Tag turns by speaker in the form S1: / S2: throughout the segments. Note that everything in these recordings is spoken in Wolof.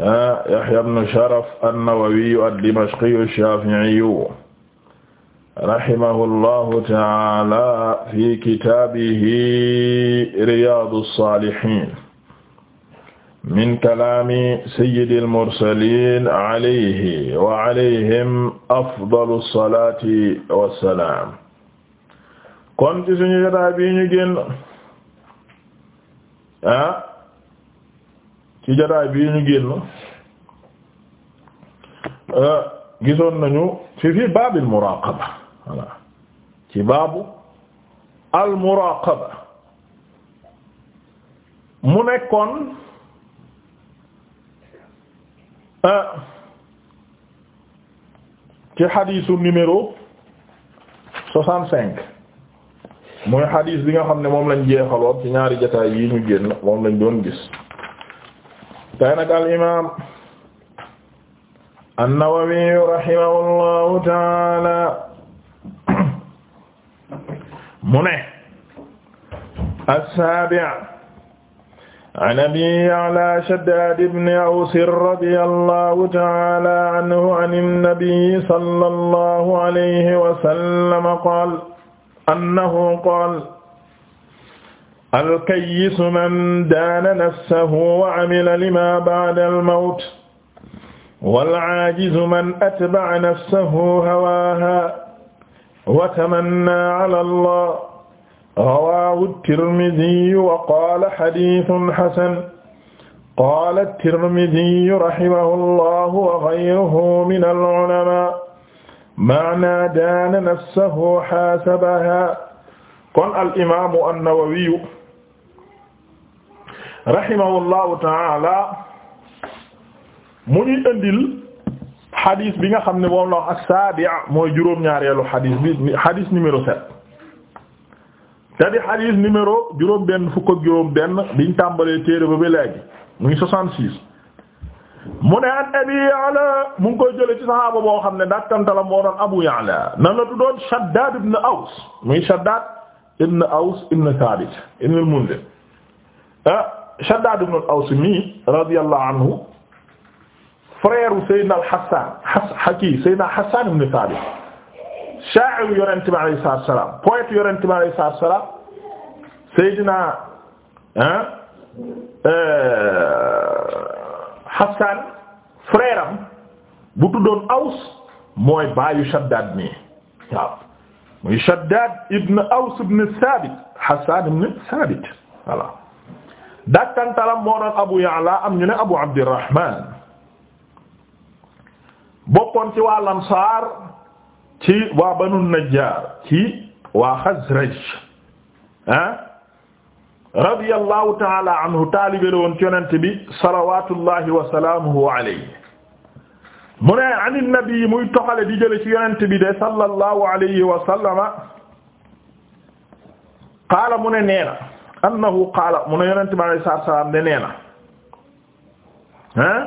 S1: Ah, Yahya ibn Sharaf an-Nawawiyu ad-Dimashqiyu ash-Shafi'iyu rahimahullahu ta'ala fi kitaabihi Riyaadu s-Saalihiin min kalaami sayyidil mursaliin alayhi wa alayhim afdalu salaati wa salaam. kon ci suñu jotaay bi ñu génn ah. ci jotaay bii ñu génn euh, gisoon nañu fi fi baabil muraqaba voilà ci baabu al muraqaba mu nekkoon euh, ci xadiisu numéro soixante cinq mooy xadiis bi nga xam ne moom lañ jeexaloon ci ñaari jotaay yi ñu génn moom lañ doon gis tey nag al imaam an-Nawawi rahimahullahu taala mu ne as-saabi' an Abi Ya'la Shaddaad ibn Aws radiyallahu ta'ala anhu an an-nabiy sallallahu alayhi wa sallam qaala annahu qaala alkayisu man daana nafsahu wa amila lima ba'da almawt walaajizu man atba'a nafsahu hawaaha wa tamanna ala allah rawaahu at-tirmidhiyu wa qaala hadiithun hasan qaala at-tirmidhiyu rahimahu allahu wa ghayruhu min al-'ulamaa ma'naa daana nafsahu haasabahaa kon al-imaamu an-nawawiyu rahimahullahu taala mu ñuy indil xadis bi nga xam ne moom la wax as mooy juróom-ñaareelu xadis bi xadis numéro sept te di xadis numéro juróom-benn fukk ak juróom-benn biñ tàmbalee téere ba ba léegi mu ngi soixante-six mu ne an abi Ya'la mu ngi koy jëlee ci saxaaba boo xam ne dàkkanta la moo doon Abu Ya'la nan la tuddoon Shaddad ibn Aws muy Shaddad ibn Aws ibn Thabit ibn al-Mundhir ah Shaddaad ibn al-Aws mi radiyallahu anhu frère Seydina al-Hassan Haki Seydina Hassan ibn Thabit sha'ir Yonent bi alayhi salaatu wa salaam poète Yonent bi alayhi salaatu wa salaam Seydina ah Hassan frère am bu tuddoon Aws mooy baayu Shaddaad mi waaw muy Shaddaad ibn Aws ibn Thabit Hassan ibn Thabit voilà. dakkantalam moo doon abu ya'la am ñu ne abu abdirahman bokkoon ci waa lansaar ci waa banu najjar ci waa xazraj ah radiyallahu taala anhu taalibe la woon ci yonent bi salawatullahi wa salaamuhu mu ne an nabi muy toxale di jële ci yonent bi de sallallahu alayhi wa sallama mu ne neena annahu qaala mu ne yonent bi alayhi salaatu wa salaam de nee na ah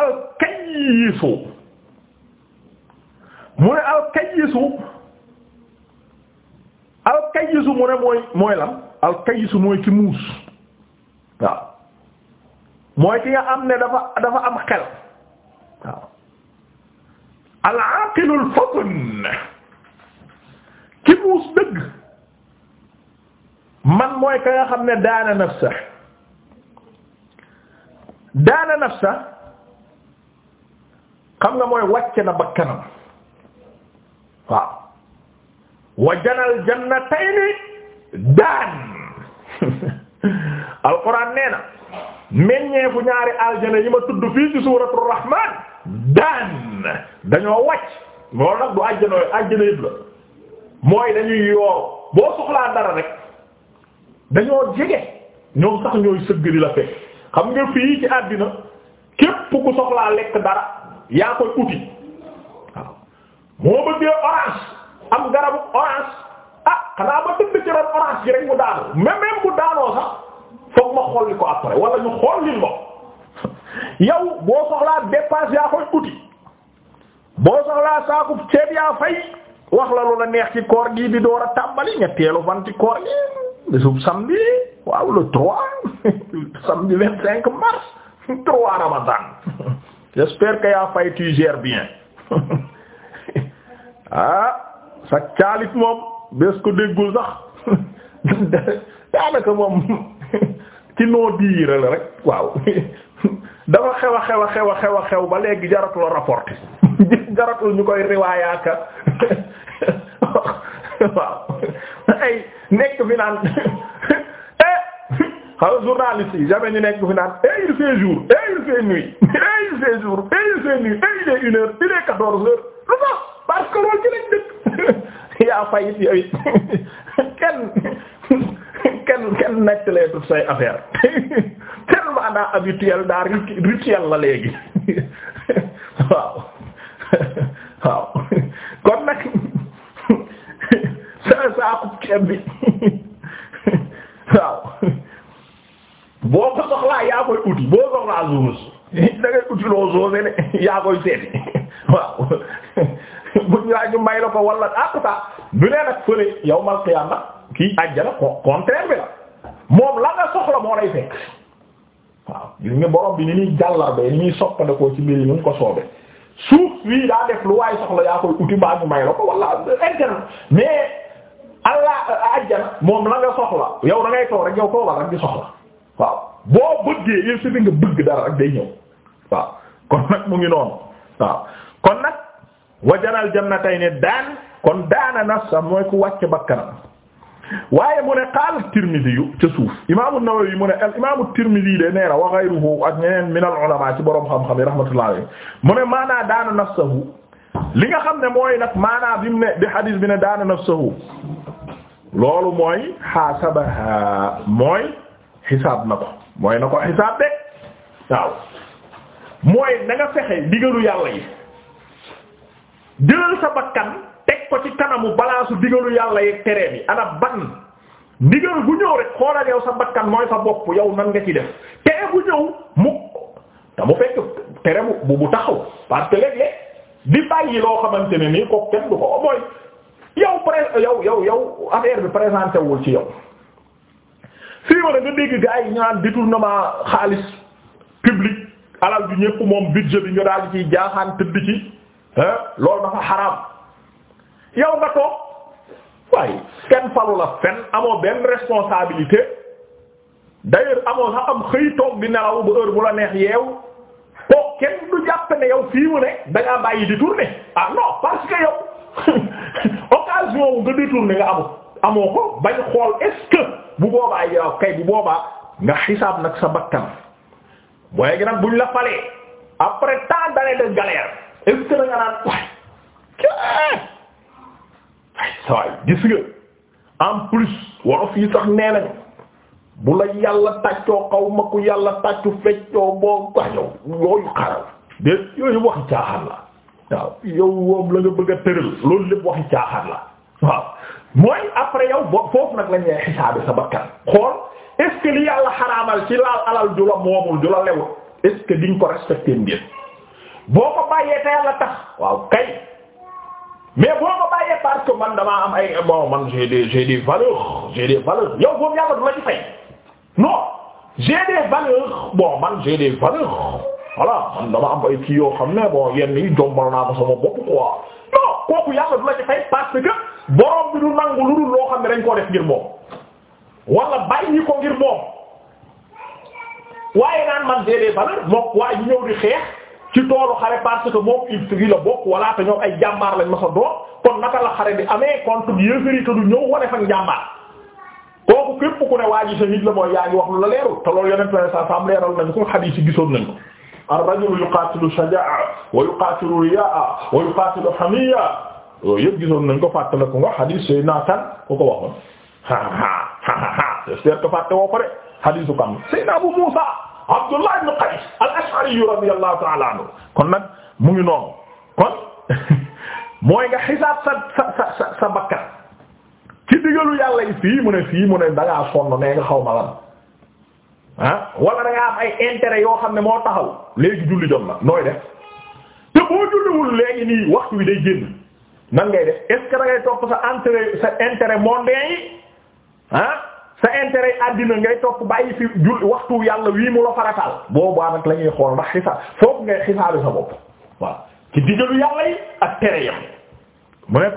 S1: alkayisu mu ne alkayisu alkayisu mu ne mooy mooy lan alkayisu mooy ki waaw mooy ki nga am ne dafa dafa am xel waaw al aqilul fatn dëgg man mooy ka nga xam ne daana nafsa daana nafsa xam nga mooy wàcce na bakkanam waaw wajanal jannatayni daan alquran nee na meññeefu ñaari aljana yi ma tudd fii ci suuratul rahman daan dañoo wàcc loolu nag du àjjana yooyu mooy dañuy yoor boo soxlaa dara rek dañoo jege ñoom sax ñooy sëgg di la fekk xam nga fii ci àddina képp ku soxlaa lekk dara yaa koy uti waaw moo bëggee orange am garabu orange ah xanaa ba dëgg ci ron orange gi rek mu daanu même même daanoo sax foog ma xolli ko après wala ñu xolli ko yow boo soxlaa dépense yaa koy uti boo soxlaa saakub ceeb yaa fay wax la lu la neex ci koor gii di door a tàmbali ñetteelu fan ci koor gi bisub samedi waaw le trois samedi vingt cinq mars trois ramadan j'espère que yaa fay tu bien ah sa caalit moom bés ko déggul sax daanaka moom ci noo diira la rek waaw dafa xew a xew a xew a xew a xew ba léegi jaratul rapporté jaratul ñu koy riwaayaaka waaw nekk fi naan eh xam journaliste yi nekk fi naan eh il fait jour eh il fait nuit eh il fait jour eh il fait nuit eh il est une heure il est quatorze heures lu tax parce que loolu ci lañ dëkk yaa fayit yooyu kenn kenn kenn nettalee du say affaire tellement daa habituel daa rituel la léegi waaw waaw kon ne saakub ceeb bi waaw boo ko soxlaa yaa koy uti boo soxlaa zoos da ngay yaa koy seeti waaw bu ñu laaj ñu may la ko wala àqta du nee nag fële yawmal qiyaama kii àjjana contraire bi la moom la nga soxla moo lay fekk waaw gis nga bi ni ñuy jàllarbee ni ñuy soppandekoo ci mbir yi ko soobee suuf bii daa def lu waaye soxla yaa koy uti baa ñu may la ko wala allah eh, ajjana moom la nga soxla yow da ngay toog rek yow toogal rek di soxla waaw boo bëggee yow si bi nga bëgg dara rek day ñëw waaw kon nag mu ngi noonu waaw kon nag wajaral jannatayni daan kon daana nafsa mooy ku wàcce bakkanam waaye mu ne qaal Tirmidhi yu ca suuf imaamu Nawawi mu ne al imaamu Tirmidhi de nee na wa ghayruhu ak ñeneen min al ulama ci borom xam-xam yi rahmatullahi alayhi mu ne maanaa daana nafsahu li nga xam ne mooy nag maanaa bi mu ne bi hadith bi ne daana nafsahu loolu mooy xaasabaha mooy xisaab na ko mooy na ko xisaab de waaw mooy na nga fexe yàlla yi jëlal sa bakkan teg ko ci kanamu balaasu digalu yàlla yi tere bi ana ban ndigal gu ñëw rek xoolal yow sa bakkan mooy sa bopp yow nan nga ci def tere bu ñëw mu te mu fekk tere bu bu taxaw parce que léeg-léeg di bàyyi loo xamante ne nii ko kenn du ko mooy yow pré yow yow yow affaire bi présenté wul ci yow fii ma nga dégg gaa yi ñu naan détournement xaalis public alal bi ñëpp moom budget bi nga daal di ciy jaaxaan tëdd ci loolu dafa xaraam yow nga toog waaye kenn falu la fen amoo benn responsabilité d'ailleurs amoo sax am xëy toog di nelaw ba heure bu la neex yeew toog kenn du jàpp ne yow fii mu ne da bàyyi di tourner ah non parce que occasion nga détourné nga amul amoo ko bañ xool est bu boobaa yow kay bu boobaa nga xisaab nag sa bakkan booye gi nag buñ la falee après tant d'années de galère est-ce naan waay gis nga en plus wolof yi sax nee nañu bu la yàlla tàccoo xaw ma ku yàlla tàccu feccoo boo gañow yooyu xaral de yooyu waxi caaxaan la waaw yow woom la nga bëgg a tëral loolu lépp waxi caaxaan la waaw mooy après yow boo nag lañ lay xisaabi sa bakkan xool est-ce que li yàlla xaraamal ci laal alal ju la moomul ju la lewul est-ce que diñ ko respecté mbir boo ko bàyyee te yàlla tax waaw kay ko bàyyee parce que man damaa am ay bon man j'ai des j'ai des valeurs yow boobu yàlla la ci fay non j'ai des valeurs bon man j'ai des ay kii yoo xam ne bon yenn yi jombal naa ko sama kooku yàlla la ci fay parce que. borom bi du nangu lu dul loo xam ne dañ koo def ngir moom wala bàyyi ko ngir moom waaye naan man déedéet ba la moom waaye ñu ñëw di xeex ci toolu xare parce que moom il fi la bokk wala te ñoom ay jàmbaar lañ ma sa doon kon naka la xare bi amee contre yéefari te du ñëw wane fa jàmbaar kooku képp ku ne waa ji shahid la mooy yaa wax lu la leeru te loolu yeneen tone sa sam leeral nañ ko hadith gisoon nañ ko ar-rajulu yuqatilu yooyu yëpp gisoon nañ ko fàttale ko nga xadiis sooy naakan ku ko waxoon ha ha ha ha j'espère ko de xadiisu kam Seydina Abu Muusa Abdullah ibn Qays al-Ash'ari radiyallahu ta'ala anhu kon nag mu ngi noonu kon mooy nga xisaab sa sa sa sa bakkan ci digalu yàlla yi fii mu ne fii mu ne dangaa sonn nee nga xaw ma lan wala dangaa am ay intérêt yoo xam ne moo taxaw léegi julli jot na nooy def te boo julliwul léegi nii waxtu wi day génn nan ngay def est ce que da ngay topp sa intérêt sa intérêt mondain yi ah sa intérêt àddina ngay topp bàyyi fi jul waxtu yàlla wii mu la farataal boobaa nag la ñuy xool ndax xisaab foog ngay xisaabi sa bopp waaw ci digalu yàlla yi ak tere yam mu ne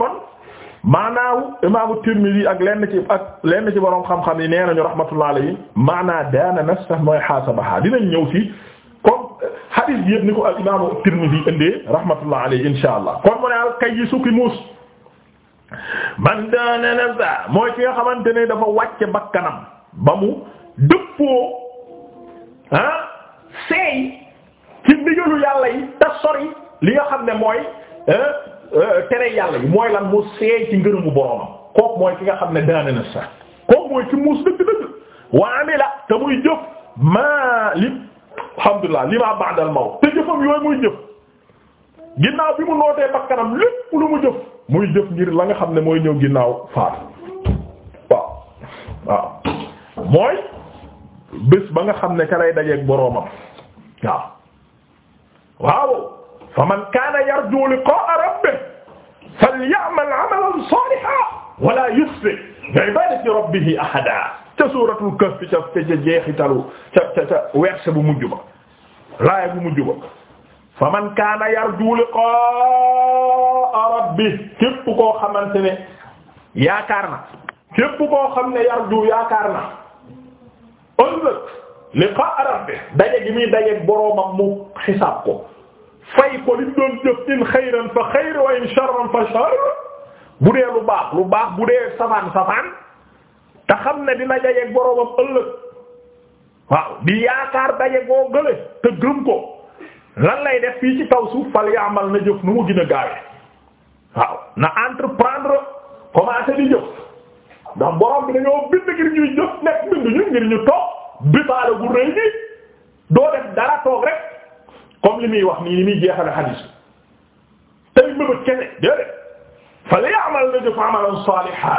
S1: maanaawu imaamu Tirmidhi ak lenn ci ak lenn ci boroom xam-xam yi nee nañu rahmatullah alayhi maanaa daana nafsa mooy xaasabaha dinañ ñëw ci xadiis bi yëpp ni ko al imaamu Tirmidi indee rahmatullah alayhi insha allah kon mu ne al kayyisu ki muus man daana nafsa mooy ki nga xamante ne dafa wàcce bakkanam ba mu dëppoo ah seey ci ndigalu yàlla yi te sori li nga xam ne mooy eh, eh, tere yàlla yi mooy lan mu seey ci ngërëmu boromam kooku mooy ki nga xam ne daana nafsa mooy ki muus dëgg-dëgg wa amila te muy jëf maa alhamdulilah li ma ba'dal mawt te jëfam yooyu muy jëf ginnaaw bi mu nootee bakkanam lépp lu mu jëf muy jëf ngir la nga xam ne mooy ñëw ginnaaw faatu waaw waaw mooy bés ba nga xam ne ka lay dajeeg boroomam waaw waaw fa man kaana yarju liqaa'a rabbihi falya'mal 'amalan saalihan wa laa yushrik bi 'ibaadati rabbihi ahadan ca suuratul kahf ca ca jeexitalu ca ca ca verset bu mujj ba laaya bu mujj ba fa man kaana yarju liqaa rabbih képp koo xamante ne yaakaar na képp koo xam ne yarju yaakaar na ëllëg liqaa rabbih daje gi muy daje boroomam mu xisaab ko fay ko li mu doon jëf in xayran fa xayr wa in sharran fa shar bu dee lu baax lu baax bu dee safaan safaan te xam ne dina dajeek boroomam ëllëg waaw di yaakaar daje boo gële te gëm ko lan lay def fii ci kaw suuf fal amal na jëf nu mu gën a waaw na entreprendre commencé di jëf ndax borom bi dañoo bind ngir ñuy jëf nekk bind ñu ngir ñu toog bisaale gu rëy gi dara toog rek comme li muy wax nii li muy jeexale xadiis tey mëbët kene déedéet fal yaamal na jëf amalan saaliha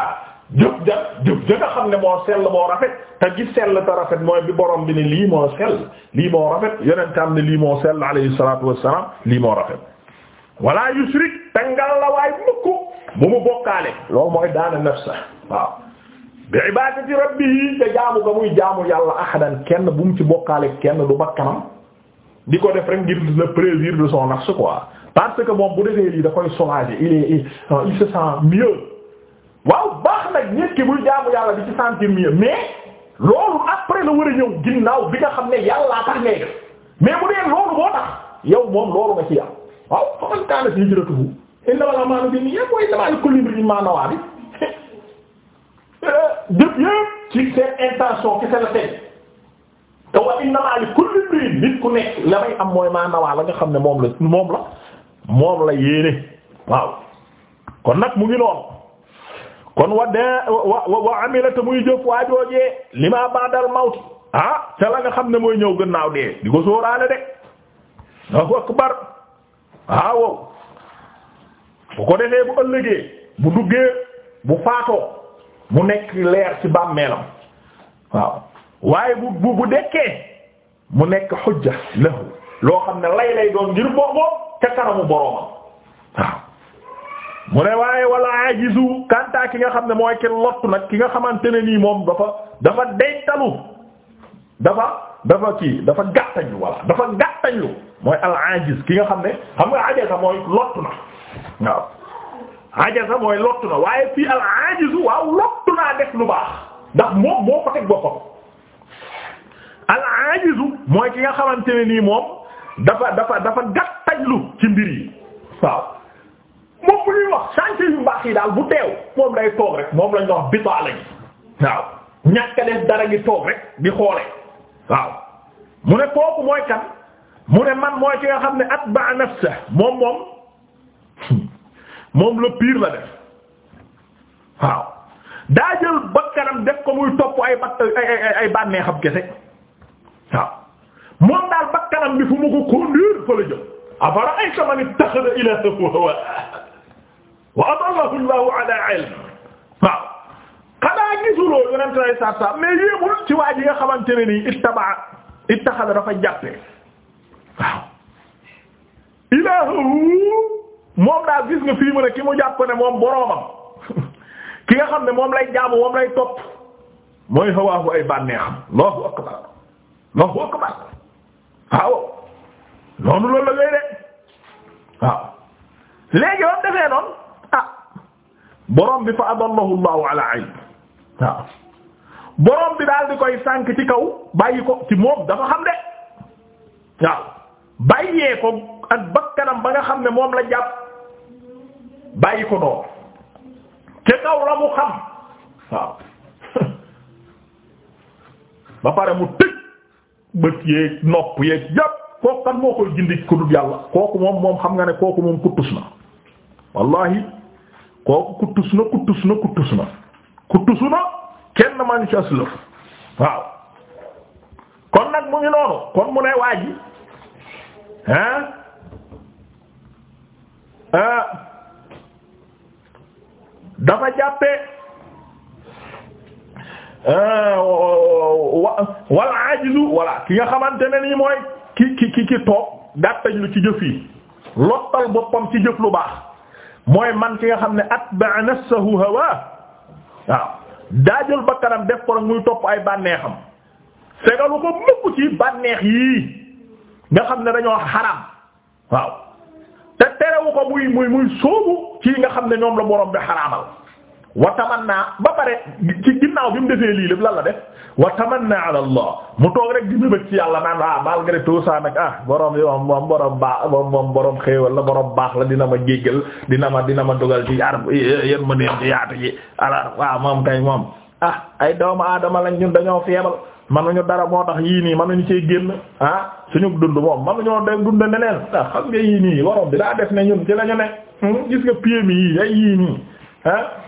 S1: jëf ja jëf xam ne moo sell moo rafet te gi sell te rafet mooy bi borom bi ne lii moo sell lii moo rafet yonentam ne lii moo sell alayhi salaatu wassalaam lii moo rafet wala yushrik tangal la waay mukk bu mu bokkaale loolu mooy daana nafsa waaw bi ibadati rabbihi muy jaamu yàlla ahadan kenn bu mu ci bokkaale kenn du bakkanam di ko def rek ngir le plaisir de son nafs quoi parce que moom bu da koy soulager il est il se nag nit ki buy jaamu yàlla di ci sentir mieux mais loolu après la war a ñëw ginnaaw bi nga xam ne yàllaa tax ngay def mais bu loolu moo tax yow moom loolu nga ci yàlla waaw fa man kaana hijratuhu innamal a'maalu binniyyaat wa innamaa likulli ci seen la tey te wa innamaa likulli imri'in nit ku nekk la may am mooy maa la nga xam ne moom la moom la moom waaw kon nag mu ngi noonu. kon wa de wa wa amilata muy jëf waa joojee li ma ba'dal mawti ah ca la nga xam ne mooy ñëw gannaaw dee di ko sóoraale de Allahu akbar ah, waaw bu ko defee bu ëllëgee bu duggee bu faatoo mu nekk leer ci bàmmeelam waaw waaye bu bu bu dekkee mu nekk xujja lahu loo xam ne lay lay doon ngir boobu ca kanamu boroomam mu ne waaye wala ajizu kanta ki nga xam ne mooy ki lottu nag ki nga xamante ne nii moom dafa dafa deytalu dafa dafa kii dafa gàttañlu wala dafa gàttañlu mooy al ajiz ki nga xam ne xam nga ajaza mooy lottu na waaw ajaza mooy lottu na waaye fii al ajizu waaw lu baax ndax moom moo ko teg boppam ki nga xamante ne nii moom dafa dafa dafa gàttañlu ci mbir yi waaw moom bu ñuy wax chantier yu baax yi daal bu teew moom day toog rek moom lañ wax bitaa lañu waaw ñàkk a def dara gi toog rek di xoole waaw mu ne kooku mooy kan mu ne man mooy ki nga xam ne atba nafsa moom moom moom le la def waaw daa jël bakkanam def ko muy topp ay bat ay ay bànnee xam kese waaw moom daal bakkanam bi fu mu ko conduire fa la jëm afara ay sama ni taxada ilaa hawa wa adallahu llahu ala ilm waaw xanaa gisuloo yonente lay saat saam mais yéemul ci waa ji nga xamante ne nii ittaba ittaxada dafa jàppe waaw ilaahu moom daal gis nga fii mu ne ki mu jàpp ne moom boroomam ki nga xam ne moom lay jaamu moom lay topp mooy hawaahu ay bànneexam allahu akbar allahu akbar waaw noonu loolu la ngay de waaw léegi ba mu defee noonu borom bi fa adallahu llahu ala ayb waaw borom bi daal di koy sànk ci kaw bàyyi ko ci moom dafa xam de waaw bàyyee ko ak bakkanam ba nga xam ne moom la jàpp bàyyi ko noonu ci kaw la mu xam waaw ba pare mu tëj bët yeeg nopp yeeg yépp kooku kan moo koy gindi ku dul yàlla kooku moom xam nga ne kooku moom kuttus na wallahi kooku kuttus na kuttus na kuttus na kuttusu na kenn man ci aslëf waaw kon nag mu ngi noonu kon mu ne waa ji hein euh, dafa jàppe euh, wal ajizu walla ki nga xamante ne nii mooy ki ki ki ki toog gàttañ lu ci jëf yi lottal boppam ci jëf lu baax mooy man ki nga xam ne atba'a nafsahu hawaa waaw daa jël bakkanam def ko muy topp ay bànneexam segalu ko mukk ci bànneex yii nga xam ne dañoo xaram waaw te terewu ko muy muy muy sóobu ci nga xam ne ñoom la borom bi xaraamal wa tamanna ba pare ginnaaw bi mu defee lii lépp lan la def wa tamanna ala allah mu toog rek di mébét ci yàlla naan ah malgré tout ça nag ah borom yi moom moom moom moom borom xéewal la borom baax la dina ma jéggal dina ma dina ma dogal ci yar yén ma neen ci yaatu ji waaw moom kay moom ah ay doomu aadama lañ ñun dañoo feebal manuñu dara moo tax yii nii man manuñu cee génn ah suñu dund moom manuñoo de dund neneen ah xam nga yii nii borom bi daa def ne ñun ci lañu ne hmm, gis nga pieds yii ay yii nii ah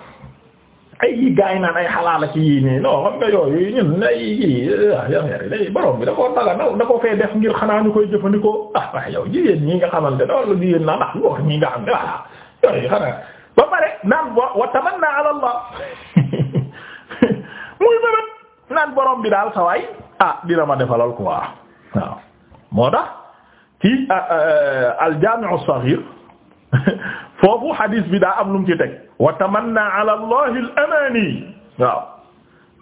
S1: ay yi gars yi naan ay xalaala ci yii nii non xam nga yooyu ñun ay yi ah, borom bi da koo daga da fee def ngir xanaa ñu koy jëfandikoo ah waaye ah, yow jigéen ñi nga xamante ne wala jigéen naan ah nga xam ne voilà yooyu xanaa ba pare naan wa tamanna ala Allah muy mënat naan borom bi daal sawaay ah dina ma defalal quoi waaw moo tax ci ah, al-Jaami' as-Saghir foofu hadis bi daa am lum mu ci teg. wa tamanna ala allahi al amani waaw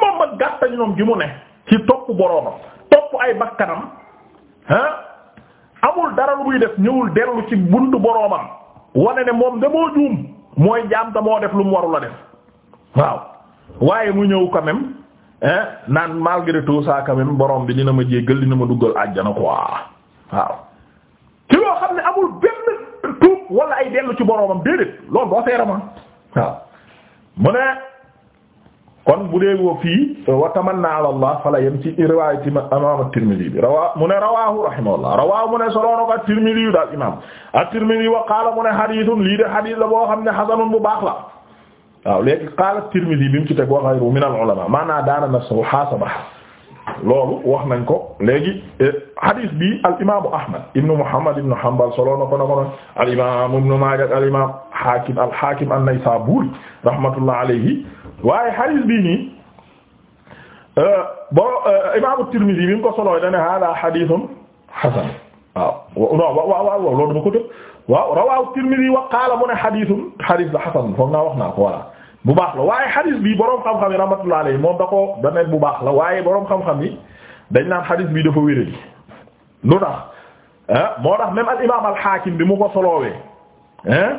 S1: moom ba gàttañ ñoom gi mu ne ci topp boroomam topp ay bakkanam ah amul dara lu muy def ñëwul dellu ci buntu boroomam wane ne moom da juum mooy jaam ta moo def lu mu waru def waaw waaye mu ñëw quand même ah, naan malgré tout ça quand même borom bi dina ma jéggal dina ma duggal àjjana ko waaw ci loo xam ne amul benn tuub wala ay dellu ci boromam déedéet loolu boo seerama waaw mu ne kon bu dee woo fii wa tamanna ala allah fala yem ci riwaayati imaam at-Tirmidhi bi rawaa mu ne rawaahu rahimahullah rawaahu mu ne soloona ko at-Tirmidhi yu daal imaam at-Tirmidhi wa qaala mu ne hadiisun lii de hadiis la boo xam ne hasanun bu baax la waaw léegi qaala at-Tirmidhi bi mu ci teg wa ghayru min al-ulamaa maanaa daana nafsahu haasaba loolu wax nañ ko léegi eh, hadith bi al imaamu Ahmad ibn Muhammad ibn Hanbal solo na ko na ko noonu al imaam ibn Maajah al imaam Haakim al Haakim an-Naysaabuuri rahmatullah alayhi waaye hadith bii nii eh, bo eh, imaamu Tirmidhi bi mu ko solo da ne haadaa hadithun hasan waaw non waaw waaw loolu dama ko dégg waaw rawaahu Tirmidhi wa qaala mu ne hadithun hadith la hasan foog naa wax naa ko voilà. bu baax la waaye xadis bi boroom xam-xam yi rahmatullah moom da ko da ne bu baax la waaye boroom xam-xam yi dañ naan xadis bi dafa wéré lu tax ah moo tax même al imaam al xaakim bi mu ko soloowee ah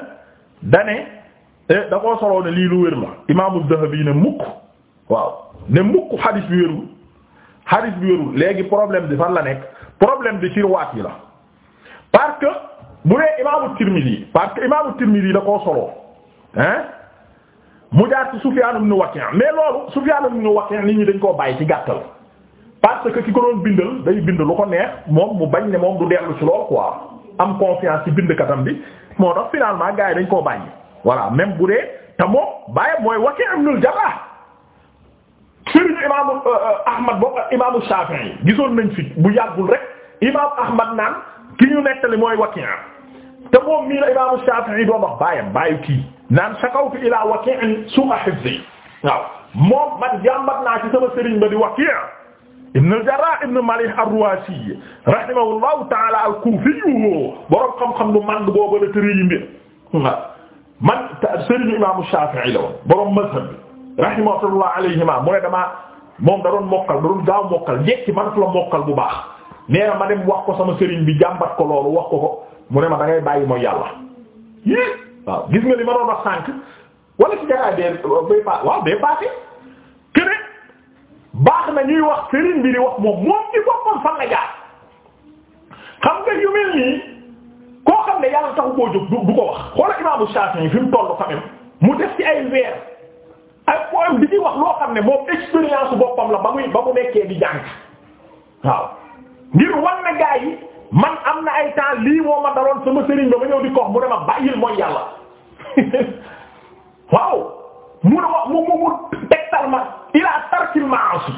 S1: dane eh, da koo soloo ne lii lu wér la imaamu Dahabi ne mukk waaw ne mukk xadis bi wérul xadis bi wérul léegi problème bi fan la nekk problème bi tirwaat yi la parce que bu dee imaamu Tirmidi parce que imaamu da koo soloo ah mu jaar ci Sufyaan ibn Waki' mais loolu mu ibn Waki' li ñi dañ koo bàyyi ci gàttal parce que ki ko doon bindal day bind lu ko neex moom mu bañ ne moom du dellu ci lool quoi am confiance ci bindkatam bi moo tax finalement gars yi dañ koo bàyyi voilà même bu dee te moom mooy Waki' ibn Jarraah sëriñu imaamu euh, euh, Ahmad boobu ak imaamu Shafi'i gisoon nañ fi bu yàggul rek imaamu Ahmad naan ki ñu nettali mooy Waki' te moom mii la imaamu Shafi'i doon wax bàyyam kii. naan shakawtu ilaa waki'in su'a waaw moom man jàmbat naa sama sëriñ ba di waqi' ibn al-Jarrah ibn Malih ar-Ruwasi rahimahullahu ta'ala al-Kufi borom xam-xam lu màgg boobu la tëree yi mbir waaw man sëriñu imaamu Shafi'i la woon borom mazhab bi rahimahullah alayhima mu ne damaa moom da mokkal da gaaw mokkal njëkk mënatu la mokkal bu baax nee na ma wax sama sëriñ bi jàmbat ko loolu wax ko ko mu ne ma da ngay bàyyi mooy waaw gis nga li ma doon wax sànq wala ci jaraay bee bee pa waaw bee paase baax na ñuy wax sëriñ bi di wax moom moom ci boppam fan la jaar xam nga yu mel nii koo xam ne yàlla taxu koo jóg du ko wax xoola imaamu Shafi'i fi mu tollu quand même mu def ci ay weer ak poème bi ci wax loo xam ne moom expérience boppam la ba mu ba mu nekkee di jàng waaw ngir wan na gaa yi man am na ay temps lii moo ma daloon sama sëriñ ba ma ñëw di ko wax mu ne ma bàyyil waaw mu ne wax mu mu mu tegtal ma ilaa tarkil ma'asi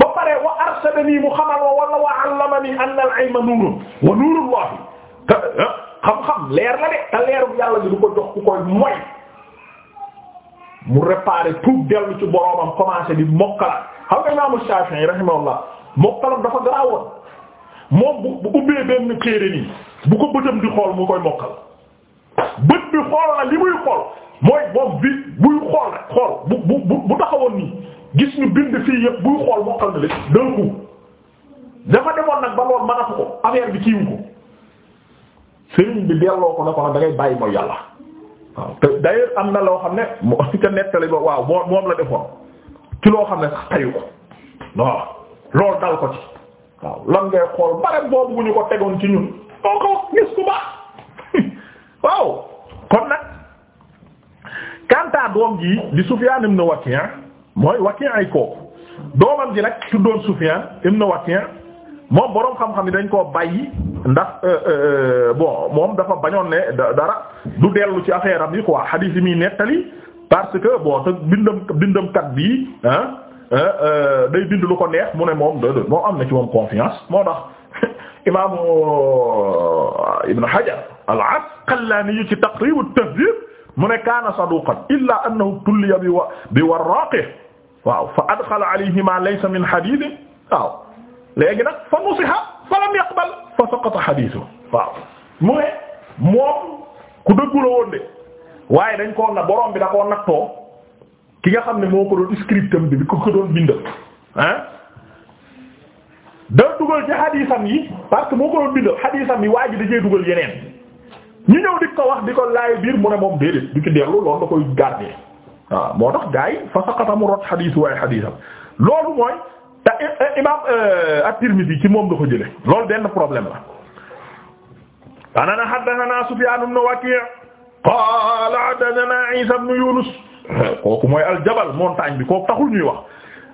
S1: ba pare wa arsadani mu xamal wa wala wa allamani anna al-ilma nuurun wa nuurullahi xam-xam leer la de te leeru yàlla bi du ko jox ku koy moy mu réparer tout dellu ci boroomam commencé di mokkala xam nga imaamu Shaafi'i rahimahullah mokkalam dafa garaawoon moom bu ubbee benn téere bu ko bëtam di xool mu koy mokkal bët bi xool na li muy xool mooy moom bi buy xool xool bu bu bu taxawoon nii gis ñu bind fii yëpp buy xool moo xam ne lépp d'un coup dafa defoon nag ba lool mënatu ko affaire bi kiiwu ko sëriñ bi delloo ko ne ko nag da bàyyi mooy yàlla waaw te d'ailleurs am na loo xam ne moo ca nettali ba moom la defoon ci loo xam ne sax tayu ko waaw loolu dal ko ci waaw lan ngay xool bare boobu bu ñu ko tegoon ci ñun. donc gis ku baax. waaw kon nag kanta doom ji di Sufyaan ibn Waki' mooy Waki' ay kooku doomam ji nag tuddoon Sufyaan ibn Waki' moom boroom xam-xam ni dañ koo bàyyi ndax euh, euh, euh, bon moom dafa bañoon ne dara du dellu ci affaire am yi quoi xadiis yi muy nettali parce que bon te bindam bindamkat bi day bind lu ko neex mu ne moom déedéet moom am na ci moom confiance moo tax imaamu Ibn Hajar al-Asqalaani ci Taqrib at-Tahdhib mu ne kaana saduqan illaa annahu tulliya bi wa bi warraaqih fa adxala alayhi ma laysa min hadiith waaw nag fa nusiha fa lam yaqbal fa saqata hadiithuhu waaw moom ku dëggula woon waaye dañ koo na borom bi da koo nattoo ki nga xam ne moo ko doon scriptam bi bi ko ko doon bindal ah da dugal ci hadisam yi parce que moo ko doon yi waa ji dugal yeneen. ñu ñëw di ko wax di ko laay mu ne moom déedéet du ci dellu loolu da koy garder waaw moo tax gars fa saqata mu rot xadiis waaye xadiisam loolu mooy te imam euh, ci moom da ko jële loolu benn problème la anana haddathana Sufyan ibn Waki' qala haddathana Isa ibn Yunus kooku mooy aljabal montagne bi kooku taxul ñuy wax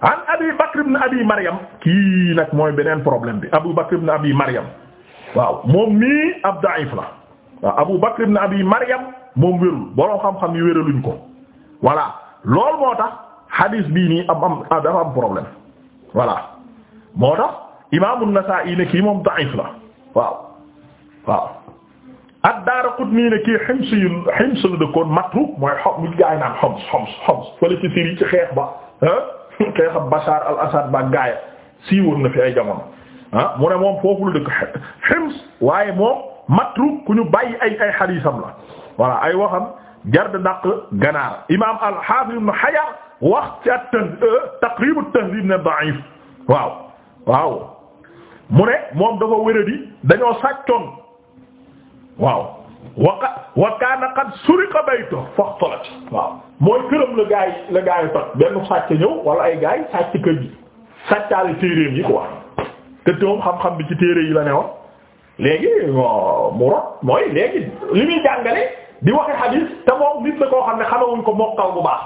S1: an Abi Bakr ibn Abi Maryam kii nag mooy beneen problème bi Abu Bakr ibn Abi Maryam moom mii ab da'if waaw Abu Bakr ibn Abi Maryam moom wérul boroom xam-xam ko voilà loolu moo tax hadith bii nii am am ah, dafa am problème voilà moo tax Imaamu Nasaa'i moom da'if waaw waaw ad-Daaraqutni ne kii Hims yu mooy xom gaay naan Homs Homs Homs fële ci Syrie ba ah xeex ab Bashar al-Asad ba gaaya siiwoon na fi ay jamono ah moom foofu la dëkk Hims waaye moom. matruk ku ñu bàyyi ay ay xadiisam la voilà ay waxam jar de dàq ganaar imaam al-Hafiz ibn Hajar wax ci at euh, Taqrib at-Tahdhib ne da'if waaw waaw mu ne moom dafa wéradi dañoo sàccoon waaw wa wa kaana qad suriqa baytuhu faxtalat waaw mooy këram la gaay la gaay toj benn sàcc ñëw wala ay gaay sàcc kër gi sàccaale téereem yi quoi te moom xam-xam bi ci téere yi la ne woon léegi mu rot mooy léegi li muy jàngale di waxe xadiis te moom nit la koo xam ne xamawuñ ko mokkal bu baax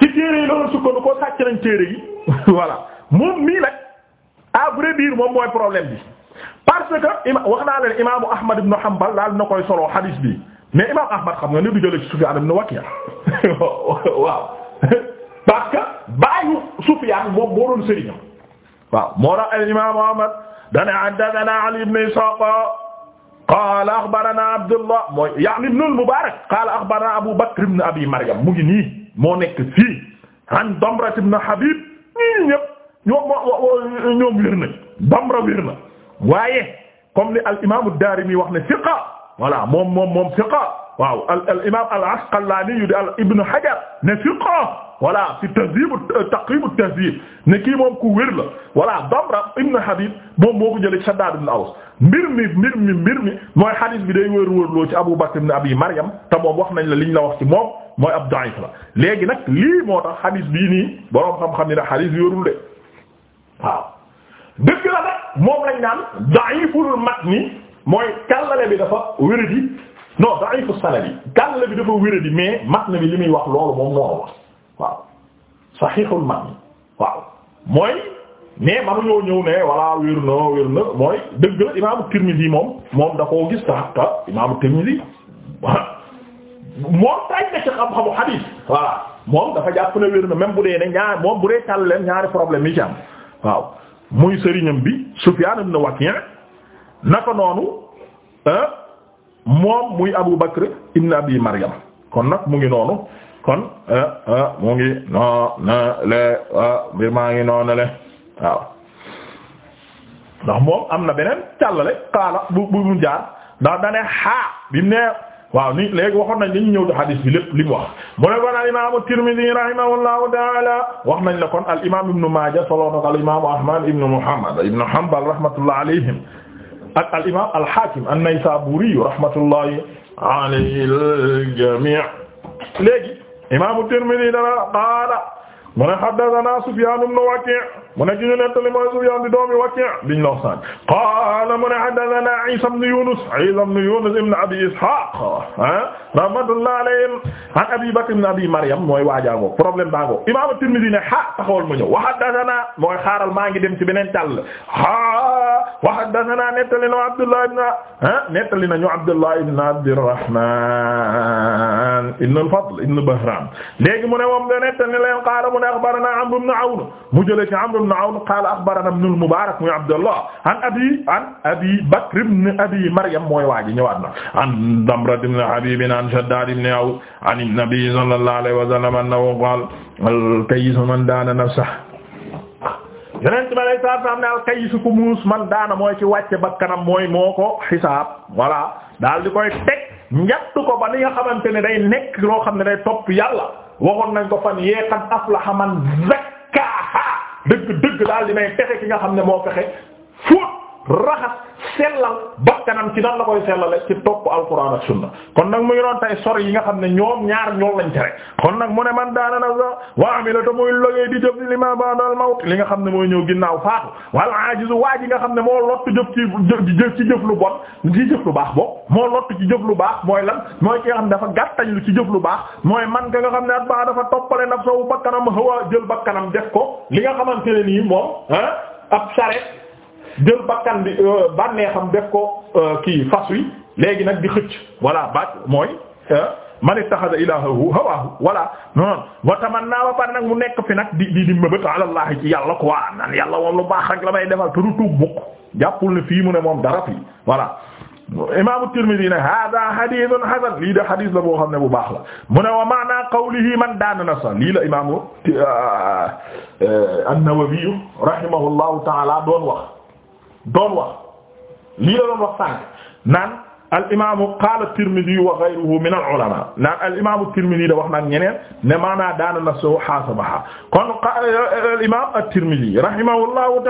S1: ci téere yi loolu sukkandu ko sàcc nañ téere yi voilà moom mii nag à vrai dire moom mooy problème bi parce que ima wax naa leen imaamu Ahmad ibn Hanbal daal na koy solo xadiis bi mais imam Ahmad xam nga ni du jële ci Sufyaan ibn Wakiya waaw parce que baayu Sufyaan moom moo doon sëriñam waaw moo tax al imaamu Ahmad dane haddathana Ali ibn Ishaq qaala akhbarana Abdullah mooy ya'ni ibn al-Mubarak qaala akhbarana Abu Bakr ibn Abi Maryam mu ngi nii moo nekk fii an Damra ibn Habib ñii ñëpp ñoom ñoom wér na Damra wér na waaye comme ni al-Imam ad-Darimi wax ne thiqa voilà moom moom moom thiqa waaw al al imaam al Asqalaani yu di al Ibn Hajar ne siqa voilà ci Taqrib at-Tahdhib ne kii moom ku wér la voilà Damra Ibn Habib moom moo ko jëlee Shaddaad ibn Aws mbir mi mbir mbir mi mooy hadith bi day wër wër loo Abu Bakr ibn Abi Maryam te moom wax nañ la liñ la wax ci moom mooy ab da'if la léegi nag lii moo tax hadith bii nii boroom xam-xam ni nag hadith yorul de waaw dëgg la nag matni mooy kàllale bi dafa wéradi non da'ifu sanad yi gàll bi dafa wéré di mais matn bi li muy wax loolu moom noonu wax waaw sahihul matn waaw mooy mais manuñoo ñëw ne walla wér na wér na mooy dëgg la imaamu Tirmidhi moom moom da koo gis taxatta imaamu Tirmidhi moom taj na ci xam-xamu hadith voilà moom dafa jàpp ne wér na même bu dee ne ñaar moom bu dee tàlleen ñaari problème yi ci am waaw muy sëriñam bi Sufyaan ibn Waki' naka noonu moom muy Abu Bakr ibn Abi Maryam kon nag mu ngi noonu kon eh, eh, mu ngi noonale eh, maa ngi noonale waaw moom am na beneen càllale xaala bu bu mu jaar ndax dane xaa bi mu nee waaw ni léegi waxoon nañ dañu ñëw di hadis bi lépp li mu wax mu ne kon al imam Tirmidhi rahimahullahu taala wax nañ la kon al imam ibnu Maaja soloona ko al imam Ahmad ibnu Muhammad ibnu Hanbal rahmatullah alayhim ak al imaam al Hakim an-Naysaburi rahmatullahi alayhi al jami' léegi imaamu Tirmidhi dara qaala mu ne haddathana Sufyan ibn Waki' mu ne ñu nettali mooy Sufyan di doomi Waki' biñ la waxtaan qaala mu ne haddathana Isa ibn Yunus Isa ibn Yunus ibn Abi Ishaq ah, rahmatullahi alayhim an Abi Bakr ibn Abi Maryam mooy waajaango problème baango Imam At-Tirmidhi ne ha taxawal mu ñëw wa haddathana mooy xaaral maa ngi dem ci beneen tàll ha wa haddathana nettali na Abdullah ibn nettali nañu Abdullah ibn Abdirrahman ibn al-Fadl ibn Bahram léegi mu ne moom nga nettali leen qaala mu ne axbarana Amr ibn Awn mu jëlee ci Amr ibn Awn qaala axbarana ibn al-Mubaarak muy Abdallah an abi an abi Bakr ibn abi Maryam mooy waa ji ñëwaat na an Damrat ibn Habib an Shaddaad ibn Awf an an-Nabi sallallahu alayhi wa sallam annahu qaala al-kayyisu man daana nafsahu yeneen ma lay saa saam ne alkayisu ku muus man daana mooy ci wàcce bakkanam mooy moo ko xisaab voilà daal di koy teg ñett ko ba li nga xamante ne day nekk loo xam ne day topp yàlla waxoon nañ ko fan yee qad aflaha man zakkaaha dëgg dëgg daal di may texe ki nga xam ne moo fexe fóot raxas sellal bakkanam ci nan la koy sellale ci topp alquran ak sunna kon nag mu ngi doon tay sori yi nga xam ne ñoom ñaar ñoom lañ tere kon nag mu ne man daana na wa amila te muy logee di jëf li ma ba'da al mawt li nga xam ne mooy ñëw ginnaaw faatu wal ajizu waa ji nga xam ne moo lottu jëf ci jëf ci jëf lu bon ci jëf lu baax boobu moo lottu ci jëf lu baax mooy lan mooy ki nga xam ne dafa gàttañ lu ci jëf lu baax mooy man ka nga xam ne at baa dafa toppale nafsu bakkanam hawa jël bakkanam def ko li nga xamante ne nii moom ah ab saret jël bakkan bi euh, bànneexam def ko euh, kii fas wi léegi nag di xëcc voilà baat mooy euh, man ittaxada ilaahahu hawaahu voilà non wa tamanna ba pare nag mu nekk fi nag di di di mëbët ala Allah ci yàlla quoi naan yàlla woon lu baax rek la may defal te du tuub ne fii mu ne moom dara fii voilà. imaamu Tirmidi ne hada hadithun la boo xam ne bu baax la mu ne wa maana qawlihi man daana nafsa lii la imaamu an-Nawawi rahimahullahu ta'ala doon wax. doon wax lii la doon wax sànq naan al imaamu qaala Tirmidi wa ghayruhu min al ulamaa naan al imaamu Tirmidi da wax naan ñeneen ne maanaa daana nafsuhu haasabahaa kon al imaam at-Tirmidi rahimahullahu